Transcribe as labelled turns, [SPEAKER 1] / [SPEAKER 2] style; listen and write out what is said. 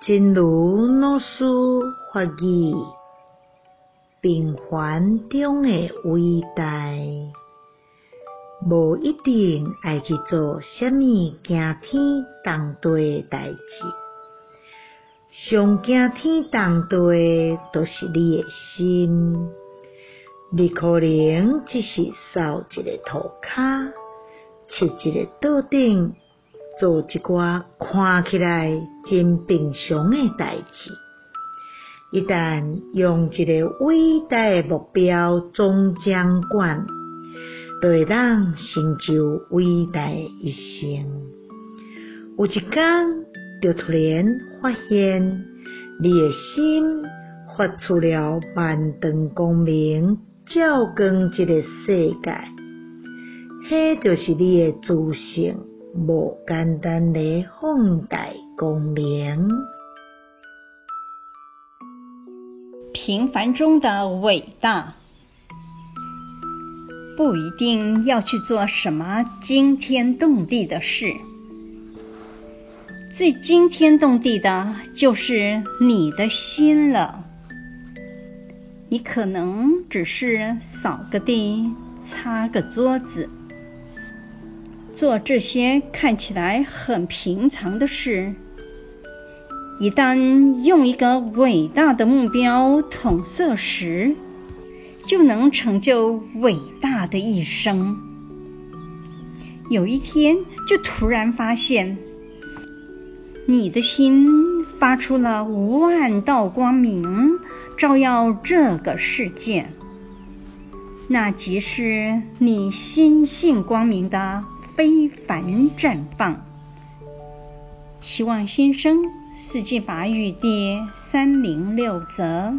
[SPEAKER 1] 真如老師法語，平凡中的偉大，無一定愛去做什麼驚天動地的代志，上驚天動地著是你的心。你可能只是掃一個塗骹，拭一個桌頂。做一掛看起來真平常誒代志，一旦用一個偉大誒目標總掌管，就會通成就偉大誒一生。有一天，就突然發現，你誒心發出了萬丈光明，照光這個世界，迄著是你誒心性。不簡單的宏大共鳴，
[SPEAKER 2] 平凡中的偉大，不一定要去做什麼驚天動地的事，最驚天動地的就是你的心了。你可能只是掃個地，擦個桌子。做這些看起來很平常的事，一旦用一個偉大的目標統攝時，就能成就偉大的一生。有一天，就突然發現，你的心發出了萬道光明，照耀這個世界，那即是你心性光明的。非凡綻放，希望新生。四季法語第三零六則。